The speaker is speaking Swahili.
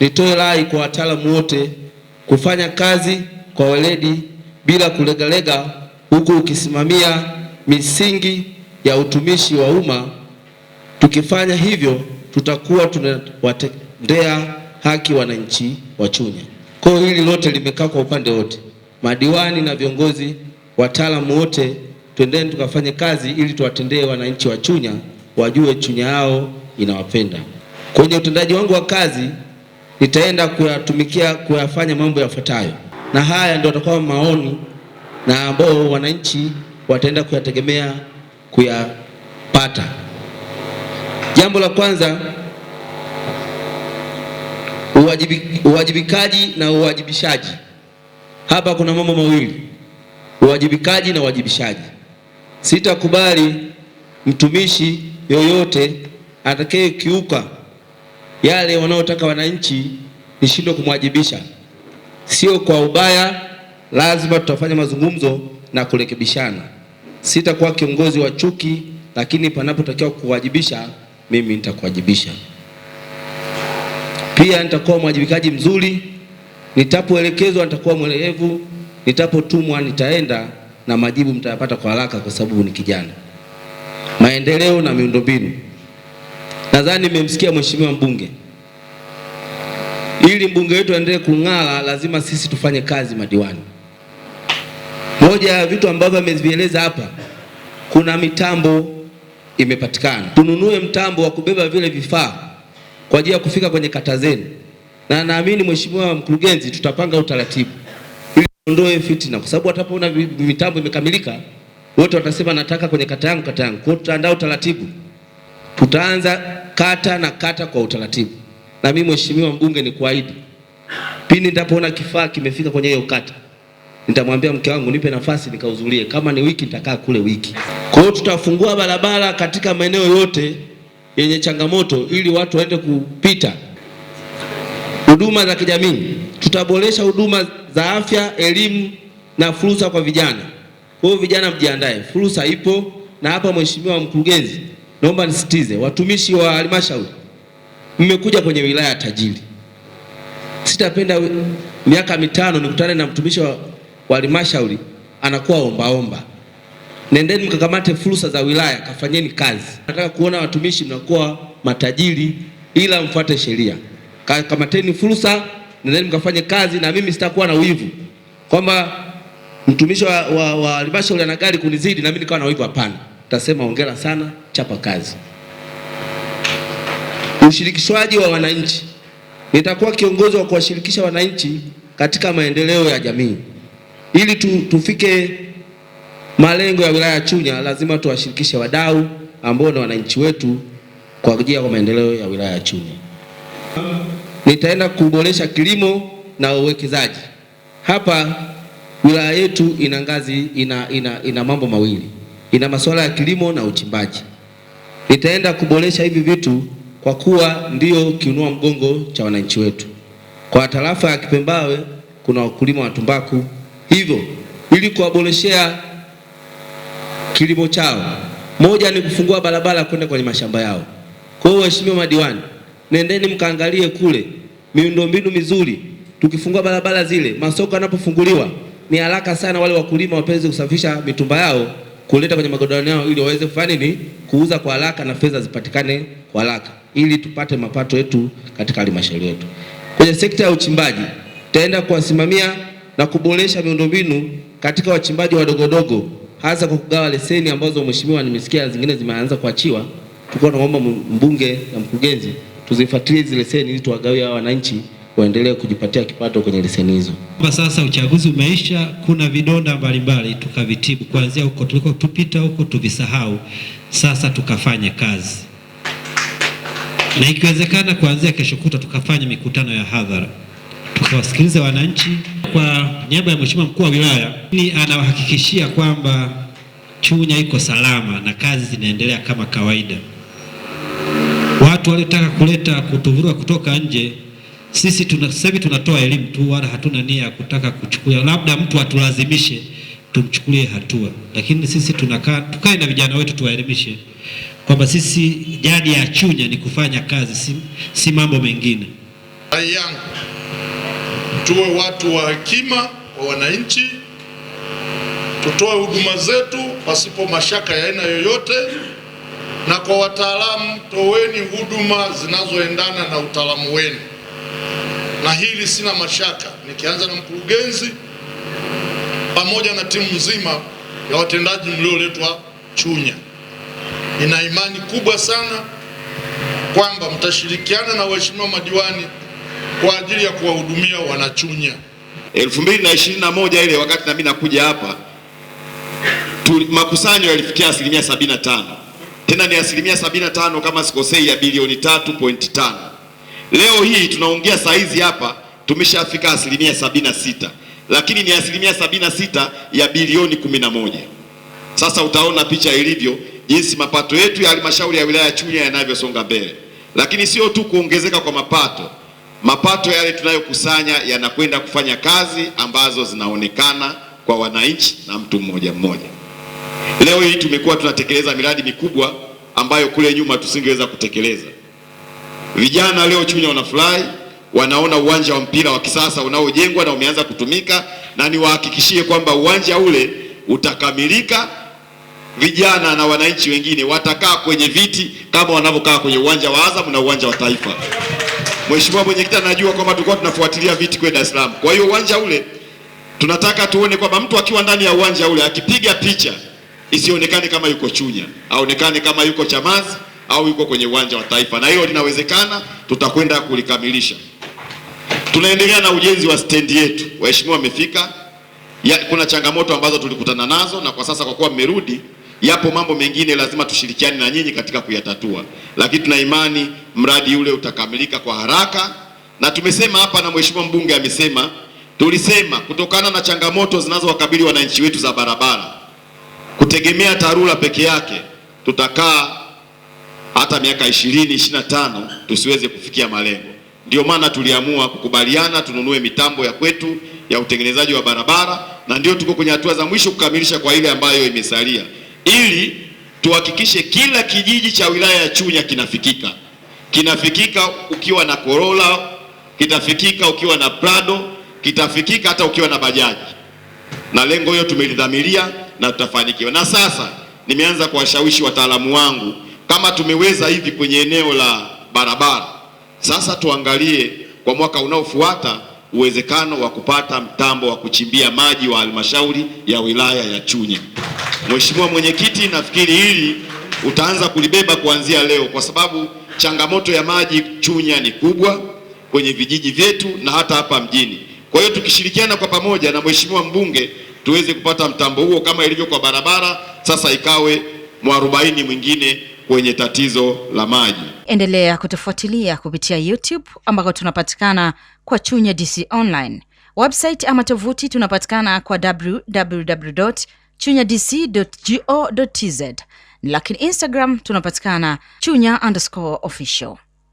Nitoe rai kwa wataalamu wote kufanya kazi kwa weledi bila kulegalega, huku ukisimamia misingi ya utumishi wa umma. Tukifanya hivyo, tutakuwa tunawatendea haki wananchi wa Chunya. Kwa hili lote limekaa kwa upande wote, madiwani na viongozi, wataalamu wote, twendeni tukafanye kazi ili tuwatendee wananchi wa Chunya, wajue Chunya yao inawapenda. Kwenye utendaji wangu wa kazi nitaenda kuyatumikia kuyafanya mambo yafuatayo, na haya ndio atakuwa maoni na ambao wananchi wataenda kuyategemea kuyapata. Jambo la kwanza, uwajibikaji na uwajibishaji. Hapa kuna mambo mawili, uwajibikaji na uwajibishaji. Sitakubali mtumishi yoyote atakayekiuka yale wanaotaka wananchi nishindwe kumwajibisha. Sio kwa ubaya, lazima tutafanya mazungumzo na kurekebishana. Sitakuwa kiongozi wa chuki, lakini panapotakiwa kuwajibisha mimi nitakuwajibisha. Pia nitakuwa mwajibikaji mzuri, nitapoelekezwa nitakuwa mwelevu, nitapotumwa nitaenda na majibu mtayapata kwa haraka, kwa sababu ni kijana. Maendeleo na miundombinu Nadhani nimemsikia mheshimiwa mbunge. Ili mbunge wetu aendelee kung'ara, lazima sisi tufanye kazi madiwani. Moja ya vitu ambavyo amevieleza hapa, kuna mitambo imepatikana, tununue mtambo wa kubeba vile vifaa kwa ajili ya kufika kwenye kata zenu, na naamini mheshimiwa mkurugenzi, tutapanga utaratibu ili tuondoe fitina, kwa sababu atapoona mitambo imekamilika wote watasema nataka kwenye kata yangu, kata yangu. Kwa hiyo tutaandaa utaratibu, tutaanza kata na kata kwa utaratibu. Na mimi mheshimiwa mbunge, ni kuahidi pindi nitapoona kifaa kimefika kwenye hiyo kata, nitamwambia mke wangu nipe nafasi nikauzulie, kama ni wiki nitakaa kule wiki. Kwa hiyo tutafungua barabara katika maeneo yote yenye changamoto ili watu waende kupita. Huduma za kijamii, tutaboresha huduma za afya, elimu na fursa kwa vijana. Kwa hiyo vijana mjiandae, fursa ipo. Na hapa mheshimiwa mkurugenzi Naomba nisitize, watumishi wa halmashauri, mmekuja kwenye wilaya tajiri. Sitapenda miaka mitano nikutane na mtumishi wa halmashauri anakuwa ombaomba. Nendeni mkakamate fursa za wilaya, kafanyeni kazi. Nataka kuona watumishi mnakuwa matajiri, ila mfuate sheria. Kamateni fursa, nendeni mkafanye kazi, na mimi sitakuwa na wivu kwamba mtumishi wa halmashauri ana gari kunizidi na mimi nikawa na wivu. Hapana, tasema hongera sana chapa kazi. Ushirikishwaji wa wananchi, nitakuwa kiongozi wa kuwashirikisha wananchi katika maendeleo ya jamii. Ili tu, tufike malengo ya wilaya ya Chunya lazima tuwashirikishe wadau ambao ni wananchi wetu kwa ajili ya maendeleo ya wilaya ya Chunya. Nitaenda kuboresha kilimo na uwekezaji. Hapa wilaya yetu ina ngazi, ina, ina, ina mambo mawili, ina masuala ya kilimo na uchimbaji. Nitaenda kuboresha hivi vitu kwa kuwa ndio kiunua mgongo cha wananchi wetu. Kwa tarafa ya Kipembawe kuna wakulima wa tumbaku, hivyo ili kuwaboreshea kilimo chao, moja ni kufungua barabara kwenda kwenye mashamba yao. Kwa hiyo, waheshimiwa madiwani, nendeni mkaangalie kule miundombinu mizuri. Tukifungua barabara zile, masoko yanapofunguliwa, ni haraka sana wale wakulima wapenzi kusafisha mitumba yao kuleta kwenye magodoro yao ili waweze kufanya nini, kuuza kwa haraka na fedha zipatikane kwa haraka ili tupate mapato yetu katika halmashauri yetu. Kwenye sekta ya uchimbaji, tutaenda kuwasimamia na kuboresha miundombinu katika wachimbaji wadogodogo, hasa kwa kugawa leseni ambazo mheshimiwa, nimesikia zingine zimeanza kuachiwa. Tulikuwa tunaomba mbunge na mkurugenzi tuzifuatilie hizi leseni ili tuwagawie wananchi waendelee kujipatia kipato kwenye leseni hizo. Kwa sasa uchaguzi umeisha, kuna vidonda mbalimbali tukavitibu, kuanzia huko tupita huko tuvisahau, sasa tukafanye kazi na ikiwezekana kuanzia kesho kuta tukafanya mikutano ya hadhara tukawasikiliza wananchi. Kwa niaba ya Mheshimiwa Mkuu wa Wilaya ni anawahakikishia kwamba Chunya iko salama na kazi zinaendelea kama kawaida. Watu waliotaka kuleta kutuvurua kutoka nje sisi sasa hivi tunatoa elimu tu, wala hatuna nia ya kutaka kuchukua, labda mtu atulazimishe tumchukulie hatua, lakini sisi tunakaa tukae na vijana wetu tuwaelimishe kwamba sisi jadi ya Chunya ni kufanya kazi, si, si mambo mengine. Rai yangu tuwe watu wa hekima kwa wananchi, tutoe huduma zetu pasipo mashaka ya aina yoyote, na kwa wataalamu, toweni huduma zinazoendana na utaalamu wenu na hili sina mashaka, nikianza na mkurugenzi pamoja na timu nzima ya watendaji mlioletwa Chunya. Nina imani kubwa sana kwamba mtashirikiana na waheshimiwa madiwani kwa ajili ya kuwahudumia wanachunya. 2021 ile wakati nami nakuja hapa makusanyo yalifikia asilimia 75, tena ni asilimia 75 kama sikosei, ya bilioni 3.5. Leo hii tunaongea saa hizi hapa tumeshafika asilimia sabini na sita lakini ni asilimia sabini na sita ya bilioni kumi na moja. Sasa utaona picha ilivyo jinsi mapato yetu ya halmashauri ya wilaya ya Chunya yanavyosonga mbele, lakini sio tu kuongezeka kwa mapato. Mapato yale tunayokusanya yanakwenda kufanya kazi ambazo zinaonekana kwa wananchi na mtu mmoja mmoja. Leo hii tumekuwa tunatekeleza miradi mikubwa ambayo kule nyuma tusingeweza kutekeleza. Vijana leo Chunya wanafurahi, wanaona uwanja wa mpira wa kisasa unaojengwa na umeanza kutumika, na niwahakikishie kwamba uwanja ule utakamilika. Vijana na wananchi wengine watakaa kwenye viti kama wanavyokaa kwenye uwanja wa Azam na uwanja wa Taifa. Mheshimiwa Mwenyekiti, anajua kwamba tulikuwa tunafuatilia viti kwenda Dar es Salaam. Kwa hiyo uwanja ule tunataka tuone kwamba mtu akiwa ndani ya uwanja ule akipiga picha isionekane kama yuko Chunya, aonekane kama yuko Chamazi au yuko kwenye uwanja wa Taifa, na hiyo linawezekana, tutakwenda kulikamilisha. Tunaendelea na ujenzi wa stendi yetu, waheshimiwa wamefika. Kuna changamoto ambazo tulikutana nazo, na kwa sasa kwa kuwa mmerudi, yapo mambo mengine lazima tushirikiane na nyinyi katika kuyatatua, lakini tuna imani mradi ule utakamilika kwa haraka, na tumesema hapa na mheshimiwa mbunge amesema, tulisema kutokana na changamoto zinazowakabili wananchi wetu za barabara, kutegemea TARURA peke yake tutakaa hata miaka ishirini ishirini na tano tusiweze kufikia malengo. Ndio maana tuliamua kukubaliana tununue mitambo ya kwetu ya utengenezaji wa barabara, na ndio tuko kwenye hatua za mwisho kukamilisha kwa ile ambayo imesalia, ili tuhakikishe kila kijiji cha wilaya ya Chunya kinafikika. Kinafikika ukiwa na Corolla, kitafikika ukiwa na Prado, kitafikika hata ukiwa na bajaji. Na lengo hiyo tumelidhamiria na tutafanikiwa. Na sasa nimeanza kuwashawishi wataalamu wangu kama tumeweza hivi kwenye eneo la barabara, sasa tuangalie kwa mwaka unaofuata uwezekano wa kupata mtambo wa kuchimbia maji wa halmashauri ya wilaya ya Chunya. Mheshimiwa Mwenyekiti, nafikiri hili utaanza kulibeba kuanzia leo, kwa sababu changamoto ya maji Chunya ni kubwa kwenye vijiji vyetu na hata hapa mjini. Kwa hiyo tukishirikiana kwa pamoja na mheshimiwa mbunge tuweze kupata mtambo huo kama ilivyo kwa barabara, sasa ikawe mwarobaini mwingine kwenye tatizo la maji. Endelea kutufuatilia kupitia YouTube ambako tunapatikana kwa Chunya DC Online, website ama tovuti tunapatikana kwa www chunya dc go tz, lakini Instagram tunapatikana chunya underscore official.